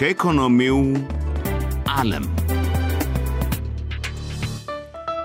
ከኢኮኖሚው ዓለም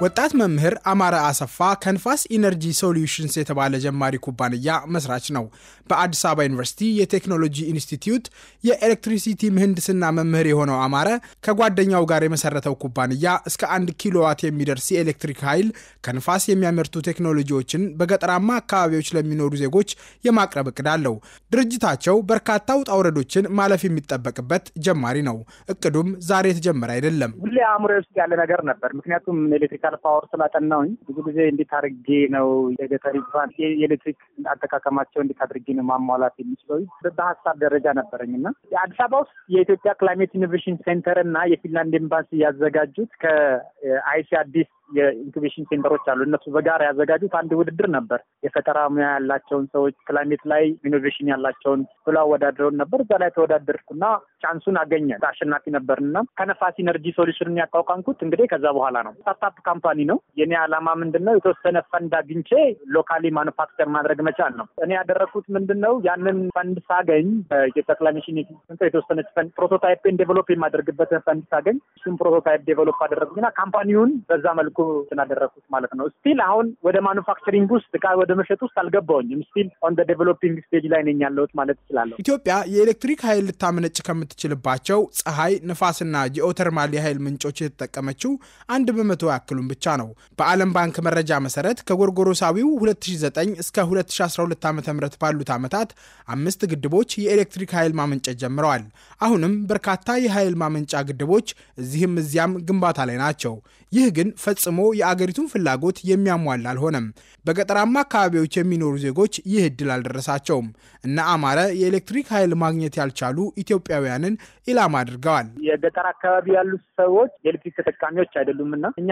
ወጣት መምህር አማረ አሰፋ ከንፋስ ኢነርጂ ሶሉሽንስ የተባለ ጀማሪ ኩባንያ መስራች ነው። በአዲስ አበባ ዩኒቨርሲቲ የቴክኖሎጂ ኢንስቲትዩት የኤሌክትሪሲቲ ምህንድስና መምህር የሆነው አማረ ከጓደኛው ጋር የመሰረተው ኩባንያ እስከ አንድ ኪሎዋት የሚደርስ የኤሌክትሪክ ኃይል ከንፋስ የሚያመርቱ ቴክኖሎጂዎችን በገጠራማ አካባቢዎች ለሚኖሩ ዜጎች የማቅረብ እቅድ አለው። ድርጅታቸው በርካታ ውጣ ውረዶችን ማለፍ የሚጠበቅበት ጀማሪ ነው። እቅዱም ዛሬ የተጀመረ አይደለም። ሁሌ አእምሮ ውስጥ ያለ ነገር ነበር። ምክንያቱም ኤሌክትሪክ ኤሌክትሪካል ፓወር ስላጠናውኝ ብዙ ጊዜ እንዴት አድርጌ ነው የገጠሪቷን የኤሌክትሪክ አጠቃቀማቸው እንዴት አድርጌ ነው ማሟላት የሚችለው በሀሳብ ደረጃ ነበረኝ እና አዲስ አበባ ውስጥ የኢትዮጵያ ክላይሜት ኢኖቬሽን ሴንተር እና የፊንላንድ ኤምባሲ ያዘጋጁት ከአይሲ አዲስ የኢንኩቤሽን ሴንተሮች አሉ። እነሱ በጋራ ያዘጋጁት አንድ ውድድር ነበር። የፈጠራ ሙያ ያላቸውን ሰዎች ክላይሜት ላይ ኢኖቬሽን ያላቸውን ብሎ አወዳድረውን ነበር። እዛ ላይ ተወዳደርኩና ቻንሱን አገኘ አሸናፊ ነበርና ከነፋስ ኢነርጂ ሶሉሽን ያቋቋምኩት እንግዲህ ከዛ በኋላ ነው። ስታርታፕ ካምፓኒ ነው። የኔ ዓላማ ምንድን ነው? የተወሰነ ፈንድ አግኝቼ ሎካሊ ማኑፋክቸር ማድረግ መቻል ነው። እኔ ያደረግኩት ምንድን ነው? ያንን ፈንድ ሳገኝ የኢትዮጵያ ክላይሜት ቼንጅ የተወሰነች ፈንድ ፕሮቶታይፕን ዴቨሎፕ የማደርግበትን ፈንድ ሳገኝ እሱም ፕሮቶታይፕ ዴቨሎፕ አደረጉና ካምፓኒውን በዛ መልኩ መልኩ ስናደረግኩት ማለት ነው። ስቲል አሁን ወደ ማኑፋክቸሪንግ ውስጥ እቃ ወደ መሸጥ ውስጥ አልገባውኝም። ስቲል ኦን ዴቨሎፒንግ ስቴጅ ላይ ነኝ ያለሁት ማለት እችላለሁ። ኢትዮጵያ የኤሌክትሪክ ኃይል ልታመነጭ ከምትችልባቸው ፀሐይ፣ ንፋስና የኦተርማል የኃይል ምንጮች የተጠቀመችው አንድ በመቶ ያክሉን ብቻ ነው። በዓለም ባንክ መረጃ መሰረት ከጎርጎሮሳዊው 2009 እስከ 2012 ዓ ም ባሉት ዓመታት አምስት ግድቦች የኤሌክትሪክ ኃይል ማመንጨት ጀምረዋል። አሁንም በርካታ የኃይል ማመንጫ ግድቦች እዚህም እዚያም ግንባታ ላይ ናቸው። ይህ ግን ፈጽሞ የአገሪቱን ፍላጎት የሚያሟላ አልሆነም። በገጠራማ አካባቢዎች የሚኖሩ ዜጎች ይህ እድል አልደረሳቸውም እና አማረ የኤሌክትሪክ ኃይል ማግኘት ያልቻሉ ኢትዮጵያውያንን ኢላማ አድርገዋል። የገጠር አካባቢ ያሉት ሰዎች የኤሌክትሪክ ተጠቃሚዎች አይደሉም እና እኛ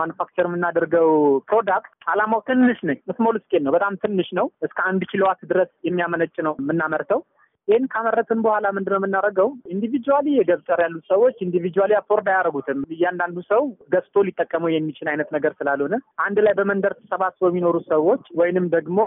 ማኑፋክቸር የምናደርገው ፕሮዳክት አላማው ትንሽ ነች። ስሞል ስኬል ነው፣ በጣም ትንሽ ነው። እስከ አንድ ኪሎዋት ድረስ የሚያመነጭ ነው የምናመርተው ይህን ካመረትን በኋላ ምንድነው የምናደርገው? ኢንዲቪጁዋሊ የገብጠር ያሉት ሰዎች ኢንዲቪጁዋሊ አፎርድ አያደርጉትም። እያንዳንዱ ሰው ገዝቶ ሊጠቀመው የሚችል አይነት ነገር ስላልሆነ አንድ ላይ በመንደር ተሰባስበው የሚኖሩ ሰዎች ወይንም ደግሞ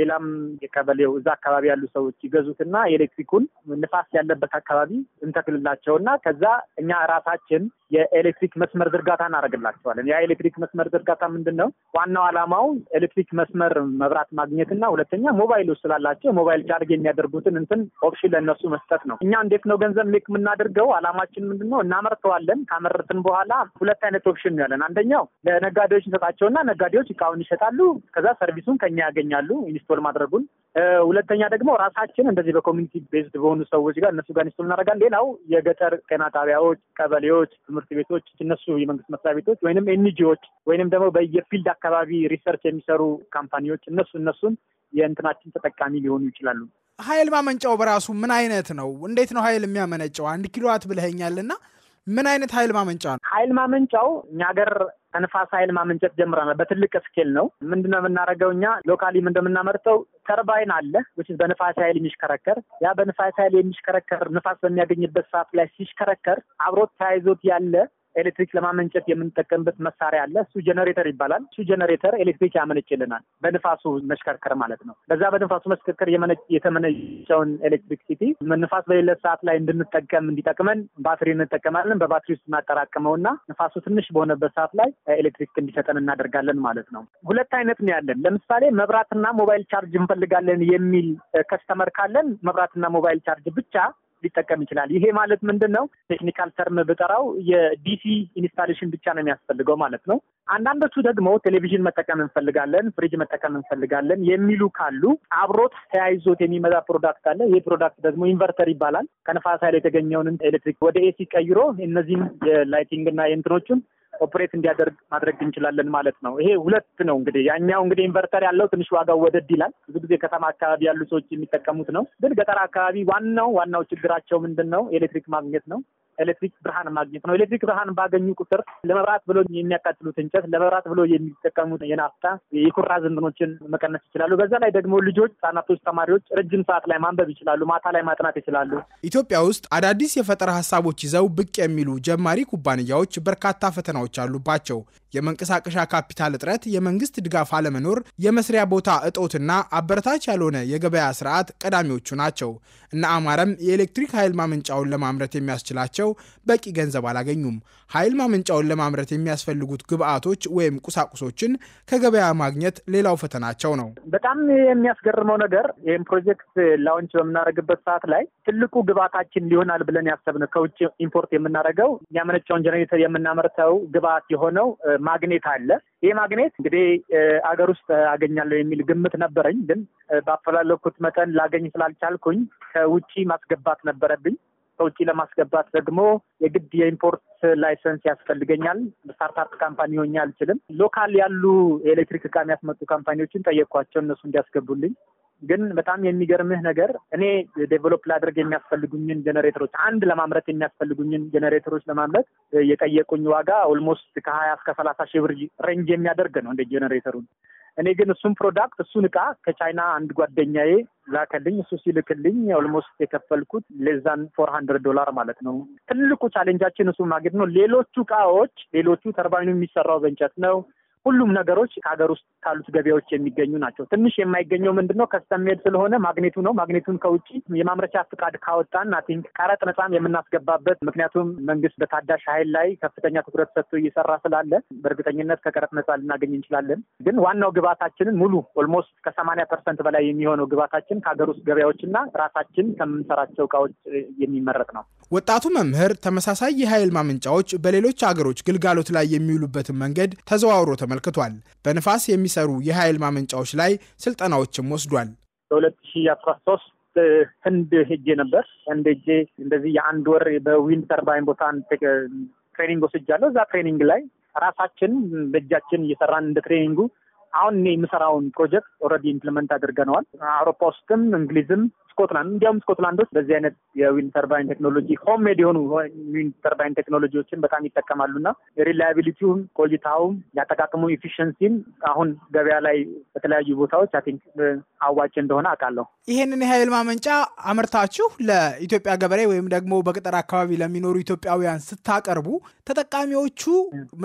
ሌላም የቀበሌው እዛ አካባቢ ያሉ ሰዎች ይገዙትና የኤሌክትሪኩን ንፋስ ያለበት አካባቢ እንተክልላቸውና ከዛ እኛ ራሳችን የኤሌክትሪክ መስመር ዝርጋታ እናደርግላቸዋለን። ያ ኤሌክትሪክ መስመር ዝርጋታ ምንድን ነው? ዋናው ዓላማው ኤሌክትሪክ መስመር መብራት ማግኘትና ሁለተኛ ሞባይሎች ስላላቸው ሞባይል ቻርጅ የሚያደርጉትን እንትን ኦፕሽን ለእነሱ መስጠት ነው። እኛ እንዴት ነው ገንዘብ ሜክ የምናደርገው? ዓላማችን ምንድን ነው? እናመርተዋለን። ካመረትን በኋላ ሁለት አይነት ኦፕሽን ነው ያለን። አንደኛው ለነጋዴዎች እንሰጣቸውና ነጋዴዎች እቃውን ይሸጣሉ። ከዛ ሰርቪሱን ከኛ ያገኛሉ ኢንስቶል ማድረጉን ሁለተኛ ደግሞ ራሳችን እንደዚህ በኮሚኒቲ ቤዝድ በሆኑ ሰዎች ጋር እነሱ ጋር ንስቶ እናደርጋለን። ሌላው የገጠር ጤና ጣቢያዎች፣ ቀበሌዎች፣ ትምህርት ቤቶች፣ እነሱ የመንግስት መስሪያ ቤቶች ወይንም ኤንጂዎች ወይንም ደግሞ በየፊልድ አካባቢ ሪሰርች የሚሰሩ ካምፓኒዎች እነሱ እነሱን የእንትናችን ተጠቃሚ ሊሆኑ ይችላሉ። ኃይል ማመንጫው በራሱ ምን አይነት ነው? እንዴት ነው ኃይል የሚያመነጨው? አንድ ኪሎዋት ብለኸኛልና ምን አይነት ኃይል ማመንጫ ነው? ኃይል ማመንጫው እኛ ሀገር ተንፋስ ኃይል ማመንጨት ጀምረናል። በትልቅ ስኬል ነው። ምንድነው የምናደርገው እኛ ሎካሊም እንደምናመርተው ተርባይን አለ በንፋስ ኃይል የሚሽከረከር ያ በንፋስ ኃይል የሚሽከረከር ንፋስ በሚያገኝበት ሰዓት ላይ ሲሽከረከር አብሮት ተያይዞት ያለ ኤሌክትሪክ ለማመንጨት የምንጠቀምበት መሳሪያ አለ። እሱ ጀነሬተር ይባላል። እሱ ጀነሬተር ኤሌክትሪክ ያመነጭልናል፣ በንፋሱ መሽከርከር ማለት ነው። በዛ በንፋሱ መሽከርከር የተመነጨውን ኤሌክትሪክ ሲቲ ንፋስ በሌለ ሰዓት ላይ እንድንጠቀም እንዲጠቅመን ባትሪ እንጠቀማለን። በባትሪ ውስጥ እናጠራቅመውና ንፋሱ ትንሽ በሆነበት ሰዓት ላይ ኤሌክትሪክ እንዲሰጠን እናደርጋለን ማለት ነው። ሁለት አይነት ነው ያለን። ለምሳሌ መብራትና ሞባይል ቻርጅ እንፈልጋለን የሚል ከስተመር ካለን መብራትና ሞባይል ቻርጅ ብቻ ሊጠቀም ይችላል። ይሄ ማለት ምንድን ነው? ቴክኒካል ተርም ብጠራው የዲሲ ኢንስታሌሽን ብቻ ነው የሚያስፈልገው ማለት ነው። አንዳንዶቹ ደግሞ ቴሌቪዥን መጠቀም እንፈልጋለን፣ ፍሪጅ መጠቀም እንፈልጋለን የሚሉ ካሉ አብሮት ተያይዞት የሚመጣ ፕሮዳክት አለ። ይህ ፕሮዳክት ደግሞ ኢንቨርተር ይባላል። ከነፋስ ኃይል የተገኘውን ኤሌክትሪክ ወደ ኤሲ ቀይሮ እነዚህም የላይቲንግ እና የእንትኖቹን ኦፕሬት እንዲያደርግ ማድረግ እንችላለን ማለት ነው። ይሄ ሁለት ነው እንግዲህ ያኛው እንግዲህ ኢንቨርተር ያለው ትንሽ ዋጋው ወደድ ይላል። ብዙ ጊዜ ከተማ አካባቢ ያሉ ሰዎች የሚጠቀሙት ነው። ግን ገጠር አካባቢ ዋናው ዋናው ችግራቸው ምንድን ነው? ኤሌክትሪክ ማግኘት ነው። ኤሌክትሪክ ብርሃን ማግኘት ነው። ኤሌክትሪክ ብርሃን ባገኙ ቁጥር ለመብራት ብሎ የሚያቃጥሉት እንጨት፣ ለመብራት ብሎ የሚጠቀሙት የናፍታ የኩራ ዝምኖችን መቀነስ ይችላሉ። በዛ ላይ ደግሞ ልጆች፣ ህጻናቶች፣ ተማሪዎች ረጅም ሰዓት ላይ ማንበብ ይችላሉ። ማታ ላይ ማጥናት ይችላሉ። ኢትዮጵያ ውስጥ አዳዲስ የፈጠራ ሀሳቦች ይዘው ብቅ የሚሉ ጀማሪ ኩባንያዎች በርካታ ፈተናዎች አሉባቸው። የመንቀሳቀሻ ካፒታል እጥረት፣ የመንግስት ድጋፍ አለመኖር፣ የመስሪያ ቦታ እጦትና አበረታች ያልሆነ የገበያ ስርዓት ቀዳሚዎቹ ናቸው። እነ አማረም የኤሌክትሪክ ኃይል ማመንጫውን ለማምረት የሚያስችላቸው በቂ ገንዘብ አላገኙም። ኃይል ማመንጫውን ለማምረት የሚያስፈልጉት ግብአቶች ወይም ቁሳቁሶችን ከገበያ ማግኘት ሌላው ፈተናቸው ነው። በጣም የሚያስገርመው ነገር ይህም ፕሮጀክት ላውንች በምናደርግበት ሰዓት ላይ ትልቁ ግብአታችን ሊሆናል ብለን ያሰብነው ከውጭ ኢምፖርት የምናደርገው የሚያመነጨውን ጀነሬተር የምናመርተው ግብአት የሆነው ማግኔት አለ። ይህ ማግኔት እንግዲህ አገር ውስጥ አገኛለሁ የሚል ግምት ነበረኝ፣ ግን ባፈላለኩት መጠን ላገኝ ስላልቻልኩኝ ከውጪ ማስገባት ነበረብኝ። ከውጭ ለማስገባት ደግሞ የግድ የኢምፖርት ላይሰንስ ያስፈልገኛል። ስታርታፕ ካምፓኒ ሆኜ አልችልም። ሎካል ያሉ የኤሌክትሪክ እቃ የሚያስመጡ ካምፓኒዎችን ጠየቅኳቸው እነሱ እንዲያስገቡልኝ ግን በጣም የሚገርምህ ነገር እኔ ዴቨሎፕ ላድርግ የሚያስፈልጉኝን ጀነሬተሮች አንድ ለማምረት የሚያስፈልጉኝን ጀነሬተሮች ለማምረት የጠየቁኝ ዋጋ ኦልሞስት ከሀያ እስከ ሰላሳ ሺህ ብር ሬንጅ የሚያደርግ ነው እንደ ጀኔሬተሩን። እኔ ግን እሱን ፕሮዳክት እሱን እቃ ከቻይና አንድ ጓደኛዬ ላከልኝ። እሱ ሲልክልኝ ኦልሞስት የከፈልኩት ሌዛን ፎር ሀንድረድ ዶላር ማለት ነው። ትልቁ ቻሌንጃችን እሱ ማግኘት ነው። ሌሎቹ እቃዎች ሌሎቹ ተርባይኑ የሚሰራው በእንጨት ነው። ሁሉም ነገሮች ከሀገር ውስጥ ካሉት ገበያዎች የሚገኙ ናቸው። ትንሽ የማይገኘው ምንድን ነው? ከስተሜድ ስለሆነ ማግኔቱ ነው። ማግኔቱን ከውጭ የማምረቻ ፍቃድ ካወጣን አይ ቲንክ ቀረጥ ነጻም የምናስገባበት ምክንያቱም መንግስት በታዳሽ ኃይል ላይ ከፍተኛ ትኩረት ሰጥቶ እየሰራ ስላለ በእርግጠኝነት ከቀረጥ ነጻ ልናገኝ እንችላለን። ግን ዋናው ግባታችንን ሙሉ ኦልሞስት ከሰማንያ ፐርሰንት በላይ የሚሆነው ግባታችን ከሀገር ውስጥ ገበያዎችና ራሳችን ከምንሰራቸው እቃዎች የሚመረጥ ነው። ወጣቱ መምህር ተመሳሳይ የኃይል ማመንጫዎች በሌሎች አገሮች ግልጋሎት ላይ የሚውሉበትን መንገድ ተዘዋውሮ ተመልክቷል። በንፋስ የሚሰሩ የኃይል ማመንጫዎች ላይ ስልጠናዎችም ወስዷል። በሁለት ሺ አስራ ሶስት ህንድ ሄጄ ነበር። ህንድ ሄጄ እንደዚህ የአንድ ወር በዊንድ ተርባይን ቦታ ትሬኒንግ ወስጃለሁ። እዛ ትሬኒንግ ላይ ራሳችን በእጃችን እየሰራን እንደ ትሬኒንጉ አሁን የምሰራውን ፕሮጀክት ኦልሬዲ ኢምፕሊመንት አድርገነዋል። አውሮፓ ውስጥም እንግሊዝም ስኮትላንድ እንዲያውም ስኮትላንድ ውስጥ በዚህ አይነት የዊንድ ተርባይን ቴክኖሎጂ ሆም ሜድ የሆኑ ዊንድ ተርባይን ቴክኖሎጂዎችን በጣም ይጠቀማሉና ሪላያቢሊቲውም ቆይታውም ያጠቃቅሙ ኢፊሽንሲም አሁን ገበያ ላይ በተለያዩ ቦታዎች አይ አዋጭ እንደሆነ አውቃለሁ። ይህንን የኃይል ማመንጫ አምርታችሁ ለኢትዮጵያ ገበሬ ወይም ደግሞ በገጠር አካባቢ ለሚኖሩ ኢትዮጵያውያን ስታቀርቡ ተጠቃሚዎቹ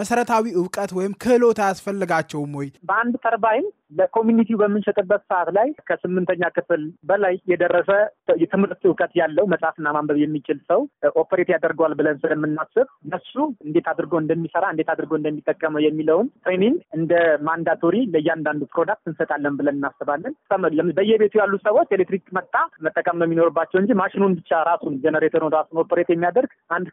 መሰረታዊ እውቀት ወይም ክህሎት አያስፈልጋቸውም ወይ? በአንድ ተርባይን ለኮሚኒቲው በምንሸጥበት ሰዓት ላይ ከስምንተኛ ክፍል በላይ የደረሰ የትምህርት እውቀት ያለው መጽሐፍና ማንበብ የሚችል ሰው ኦፐሬት ያደርገዋል ብለን ስለምናስብ እነሱ እንዴት አድርጎ እንደሚሰራ እንዴት አድርጎ እንደሚጠቀመው የሚለውን ትሬኒንግ እንደ ማንዳቶሪ ለእያንዳንዱ ፕሮዳክት እንሰጣለን ብለን እናስባለን። በየቤቱ ያሉ ሰዎች ኤሌክትሪክ መጣ መጠቀም ነው የሚኖርባቸው እንጂ ማሽኑን ብቻ ራሱን ጀነሬተር ራሱን ኦፐሬት የሚያደርግ አንድ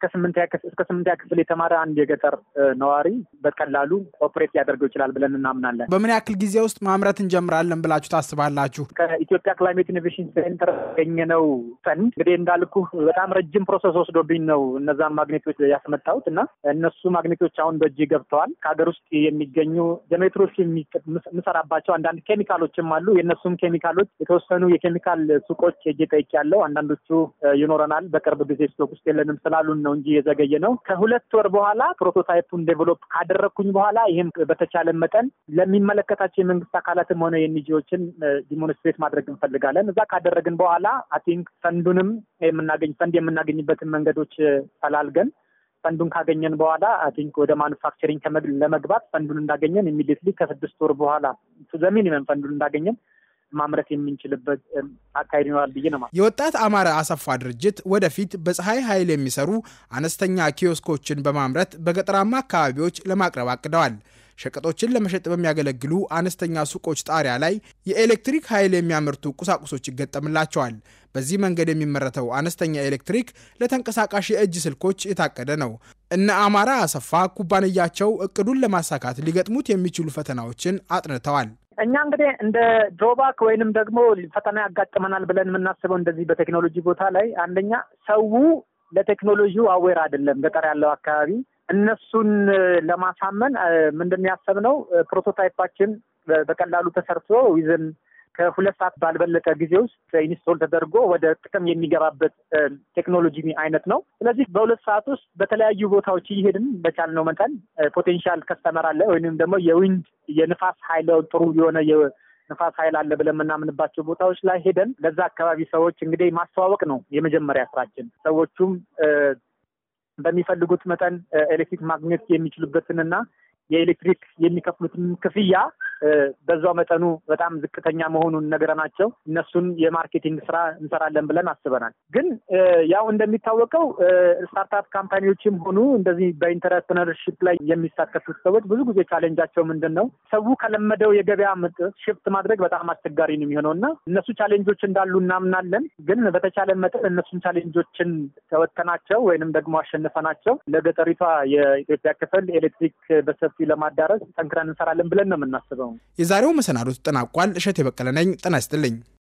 እስከ ስምንተኛ ክፍል የተማረ አንድ የገጠር ነዋሪ በቀላሉ ኦፐሬት ሊያደርገው ይችላል ብለን እናምናለን። በምን ያክል ጊዜ ውስጥ ማምረት እንጀምራለን ብላችሁ ታስባላችሁ? ከኢትዮጵያ ክላይሜት ኢኖቬሽን ሴንተር ያገኘነው ፈንድ እንግዲህ እንዳልኩ በጣም ረጅም ፕሮሰስ ወስዶብኝ ነው እነዛን ማግኔቶች ያስመጣሁት እና እነሱ ማግኔቶች አሁን በእጅ ገብተዋል። ከሀገር ውስጥ የሚገኙ ጀኔሬተሮች የምሰራባቸው አንዳንድ ኬሚካሎችም አሉ። የእነሱም ኬሚካሎች የተወሰኑ የኬሚካል ሱቆች ሄጄ ጠይቄያለሁ። አንዳንዶቹ ይኖረናል በቅርብ ጊዜ ስቶክ ውስጥ የለንም ስላሉን ነው እንጂ የዘገየ ነው። ከሁለት ወር በኋላ ፕሮቶታይፑን ዴቨሎፕ ካደረግኩኝ በኋላ ይህም በተቻለ መጠን ለሚመለከታቸው የመንግስት አካላትም ሆነ የኒጂዎችን ዲሞንስትሬት ማድረግ እንፈልጋለን። እዛ ካደረግን በኋላ አይ ቲንክ ፈንዱንም የምናገኝ ፈንድ የምናገኝበትን መንገዶች ፈላልገን ፈንዱን ካገኘን በኋላ አይ ቲንክ ወደ ማኑፋክቸሪንግ ለመግባት ፈንዱን እንዳገኘን ኢሚዲየትሊ ከስድስት ወር በኋላ ዘሚኒመም ፈንዱን እንዳገኘን ማምረት የምንችልበት አካሄድ ይኖራል ብዬ ነው። የወጣት አማረ አሰፋ ድርጅት ወደፊት በፀሐይ ኃይል የሚሰሩ አነስተኛ ኪዮስኮችን በማምረት በገጠራማ አካባቢዎች ለማቅረብ አቅደዋል። ሸቀጦችን ለመሸጥ በሚያገለግሉ አነስተኛ ሱቆች ጣሪያ ላይ የኤሌክትሪክ ኃይል የሚያመርቱ ቁሳቁሶች ይገጠምላቸዋል። በዚህ መንገድ የሚመረተው አነስተኛ ኤሌክትሪክ ለተንቀሳቃሽ የእጅ ስልኮች የታቀደ ነው። እነ አማራ አሰፋ ኩባንያቸው እቅዱን ለማሳካት ሊገጥሙት የሚችሉ ፈተናዎችን አጥንተዋል። እኛ እንግዲህ እንደ ድሮባክ ወይንም ደግሞ ፈተና ያጋጥመናል ብለን የምናስበው እንደዚህ በቴክኖሎጂ ቦታ ላይ አንደኛ ሰው ለቴክኖሎጂው አዌር አይደለም። ገጠር ያለው አካባቢ እነሱን ለማሳመን ምንድን ነው ፕሮቶታይፓችን በቀላሉ ተሰርቶ ዊዝን ከሁለት ሰዓት ባልበለጠ ጊዜ ውስጥ ኢንስቶል ተደርጎ ወደ ጥቅም የሚገባበት ቴክኖሎጂ አይነት ነው። ስለዚህ በሁለት ሰዓት ውስጥ በተለያዩ ቦታዎች እየሄድን በቻልነው መጠን ፖቴንሻል ከስተመር አለ ወይም ደግሞ የዊንድ የንፋስ ኃይል ጥሩ የሆነ ንፋስ ኃይል አለ ብለን የምናምንባቸው ቦታዎች ላይ ሄደን ለዛ አካባቢ ሰዎች እንግዲህ ማስተዋወቅ ነው የመጀመሪያ ስራችን። ሰዎቹም በሚፈልጉት መጠን ኤሌክትሪክ ማግኘት የሚችሉበትንና የኤሌክትሪክ የሚከፍሉትን ክፍያ በዛው መጠኑ በጣም ዝቅተኛ መሆኑን ነግረናቸው እነሱን የማርኬቲንግ ስራ እንሰራለን ብለን አስበናል። ግን ያው እንደሚታወቀው ስታርታፕ ካምፓኒዎችም ሆኑ እንደዚህ በኢንተርፕረነርሺፕ ላይ የሚሳተፉት ሰዎች ብዙ ጊዜ ቻሌንጃቸው ምንድን ነው? ሰው ከለመደው የገበያ ሽፍት ማድረግ በጣም አስቸጋሪ ነው የሚሆነው እና እነሱ ቻሌንጆች እንዳሉ እናምናለን። ግን በተቻለ መጠን እነሱን ቻሌንጆችን ተወጥተናቸው ወይንም ደግሞ አሸንፈናቸው ለገጠሪቷ የኢትዮጵያ ክፍል ኤሌክትሪክ በሰፊው ለማዳረስ ጠንክረን እንሰራለን ብለን ነው የምናስበው። የዛሬው መሰናዶ ተጠናቋል። እሸት የበቀለ ነኝ። ጤና ይስጥልኝ።